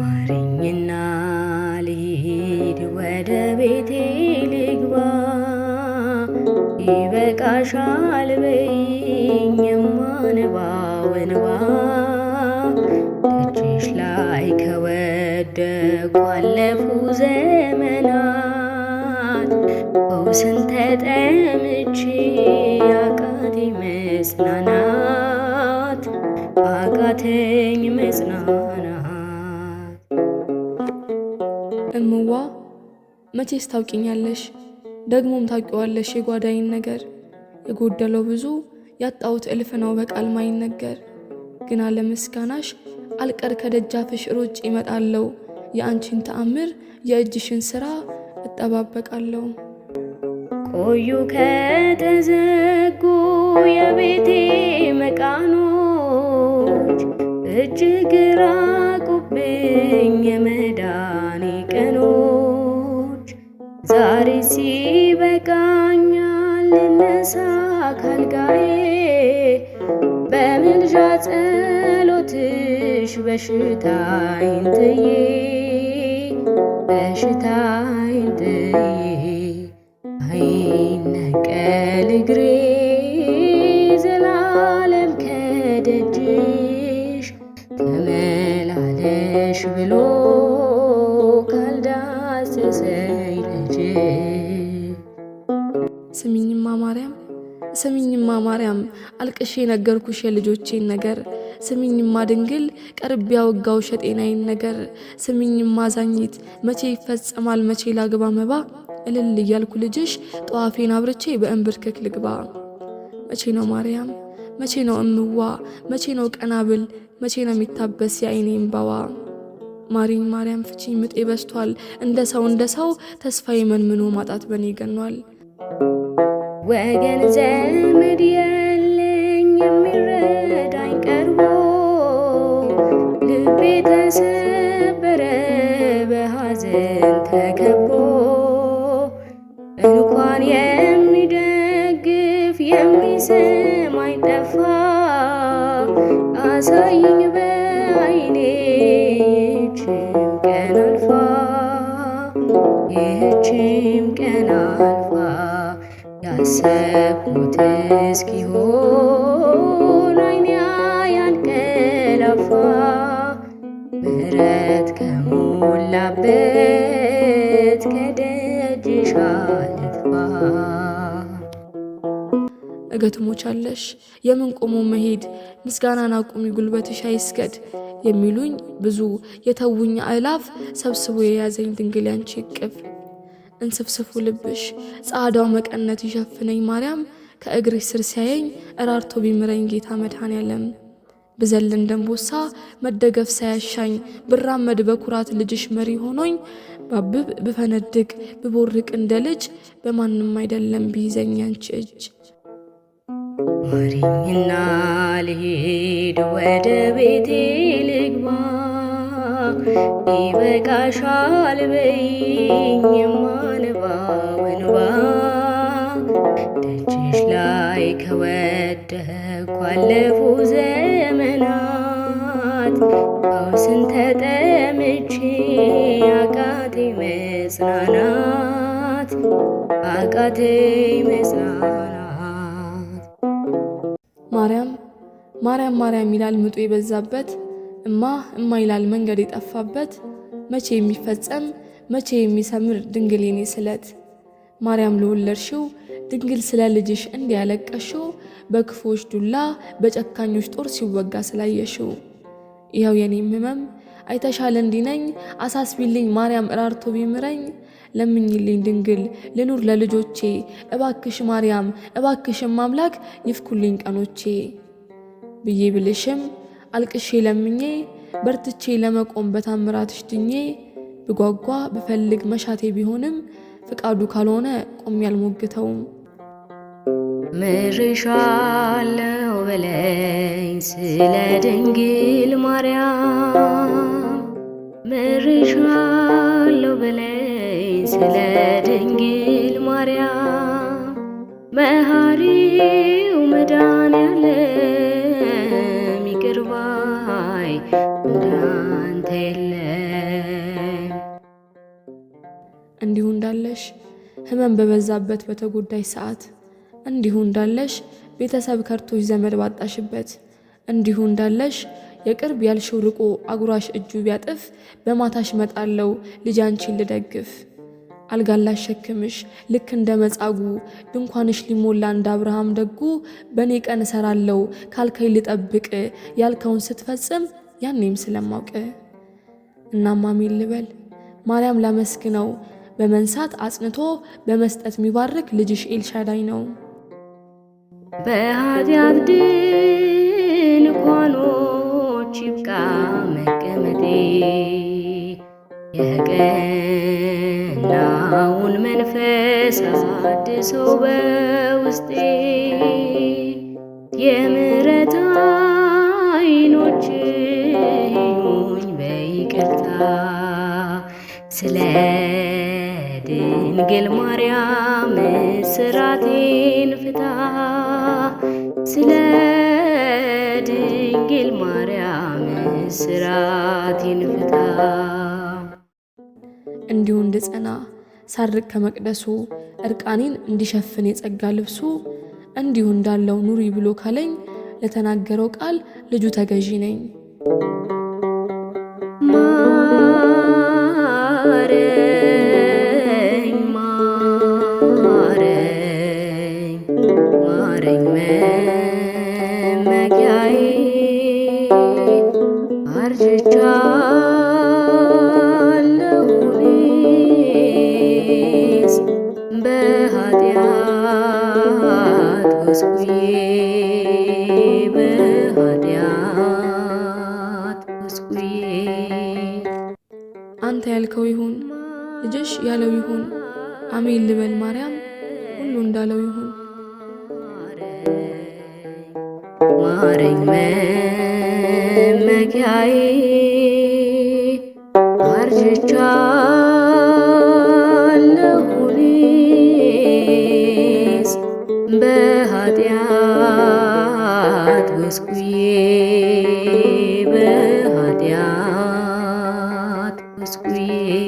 ማሪኝና ልሂድ ወደ ቤቴ ልግባ፣ ይበቃሻል በይኝ የማንባው እንባ ደጅሽ ላይ ከወደቁ አለፉ ዘመናት በውስን ተጠምቼ አቃቴ መጽናናት አቃተኝ መጽናናት ዋ መቼስ ታውቂኛለሽ፣ ደግሞም ታውቂዋለሽ የጓዳይን ነገር የጎደለው ብዙ ያጣሁት እልፍ ነው በቃል ማይነገር። ግና ለምስጋናሽ አልቀር ከደጃፍሽ ሮጭ ይመጣለው የአንቺን ተአምር የእጅሽን ስራ እጠባበቃለሁ። ቆዩ ከተዘጉ የቤቴ መቃኖች እጅግ ራቁብኝ የመዳ ዛሬ ሲበቃኛል ልነሳ ካልጋዬ በምልጃ ጸሎትሽ በሽታዬን ትዬ በሽታዬን ትዬ አይነቀል እግሬ ዘላለም ከደጅ ማርያም አልቅሼ ነገርኩሽ የልጆቼን ነገር ስሚኝማ ድንግል ቀርቤ ያወጋው ሸጤናዬን ነገር ስሚኝማ ዛኝት መቼ ይፈጸማል መቼ ላግባ መባ እልል እያልኩ ልጅሽ ጠዋፌን አብርቼ በእንብርክክ ልግባ። መቼ ነው ማርያም መቼ ነው እምዋ መቼ ነው ቀናብል መቼ ነው የሚታበስ የአይኔ እምባዋ? ማሪኝ ማርያም ፍቺኝ ምጤ በስቷል እንደ ሰው እንደ ሰው ተስፋዬ መንምኖ ማጣት በኔ ይገኗል። ወገን ዘመድ የለኝ የሚረዳኝ ቀርቦ ልቤ ተሰበረ በሐዘን ተከቦ እንኳን የሚደግፍ የሚሰማኝ ጠፋ አሳይኝ በአይኔ ይህችም ቀን አልፋ ይህችም ቀን አልፋ ያሰብኩት እስኪሆን ያንቀላፋ ምሕረት ከሞላበት ከደጅሽ የምን ቆሞ መሄድ ምስጋናን አቁሚ ጉልበትሽ አይስገድ የሚሉኝ ብዙ የተውኝ አእላፍ ሰብስቦ የያዘኝ ድንግል ያንቺ እቅፍ እንስፍስፉ ልብሽ ጻዕዳው መቀነት ይሸፍነኝ ማርያም ከእግርሽ ስር ሲያየኝ እራርቶ ቢምረኝ ጌታ ያለም። ብዘል እንደንቦሳ መደገፍ ሳያሻኝ ብራመድ በኩራት ልጅሽ መሪ ሆኖኝ ባብብ ብፈነድቅ ብቦርቅ እንደ ልጅ በማንም አይደለም ቢይዘኝ አንቺ እጅ ወሪኝና ልሄድ ወደ ቤቴ ልግባ ይበቃሻል በይኝ የማንባ ወንባ ደጅሽ ላይ ከወደኩ አለፉ ዘመናት ፈውስን ተጠምቼ አቃተኝ መጽናናት አቃተኝ መጽናናት ማርያም ማርያም ማርያም ይላል ምጡ የበዛበት እማ እማ ይላል መንገድ የጠፋበት መቼ የሚፈጸም መቼ የሚሰምር ድንግል የኔ ስለት ማርያም ለወለድሽው ድንግል ስለ ልጅሽ እንዲያለቀሽው በክፉዎች ዱላ በጨካኞች ጦር ሲወጋ ስላየሽው ይኸው የኔም ህመም አይተሻለ እንዲነኝ አሳስቢልኝ ማርያም እራርቶ ቢምረኝ ለምኝልኝ ድንግል ልኑር ለልጆቼ እባክሽ ማርያም እባክሽም አምላክ ይፍኩልኝ ቀኖቼ ብዬ ብልሽም አልቅሼ ለምኜ በርትቼ ለመቆም በታምራትሽ ድኜ ብጓጓ ብፈልግ መሻቴ ቢሆንም ፍቃዱ ካልሆነ ቆሜ አልሞግተውም። ምርሻለው በለኝ ስለ ድንግል ማርያም፣ ምርሻለው በለኝ ስለ ድንግል እንዳለሽ ህመም በበዛበት በተጎዳሽ ሰዓት እንዲሁ እንዳለሽ ቤተሰብ ከርቶሽ ዘመድ ባጣሽበት እንዲሁ እንዳለሽ የቅርብ ያልሽው ርቆ አጉራሽ እጁ ቢያጥፍ በማታሽ መጣለው ልጃንቺን ልደግፍ አልጋላሽ ሸክምሽ ልክ እንደ መጻጉ ድንኳንሽ ሊሞላ እንደ አብርሃም ደጉ በእኔ ቀን እሰራለው ካልከኝ ልጠብቅ ያልከውን ስትፈጽም ያኔም ስለማውቅ እናማሚን ልበል ማርያም ላመስግነው በመንሳት አጽንቶ በመስጠት የሚባርክ ልጅሽ ኤልሻዳይ ነው። በኃጢአት ድንኳኖች ይብቃ መቀመጤ የቀናውን መንፈስ አድሶ በውስጤ የምረት አይኖች ይሁኝ በይቅርታ ስለ ድንግል ማርያም ስራቴን ፍታ ስለ ድንግል ማርያም ስራቴን ፍታ እንዲሁ እንድጸና ሳርቅ ከመቅደሱ እርቃኔን እንዲሸፍን የጸጋ ልብሱ እንዲሁ እንዳለው ኑሪ ብሎ ካለኝ ለተናገረው ቃል ልጁ ተገዢ ነኝ። አንተ ያልከው ይሁን፣ ልጅሽ ያለው ይሁን፣ አሜን ልበል ማርያም፣ ሁሉ እንዳለው ይሁን። ማረኝ መመኪያዬ፣ በኃጢአት me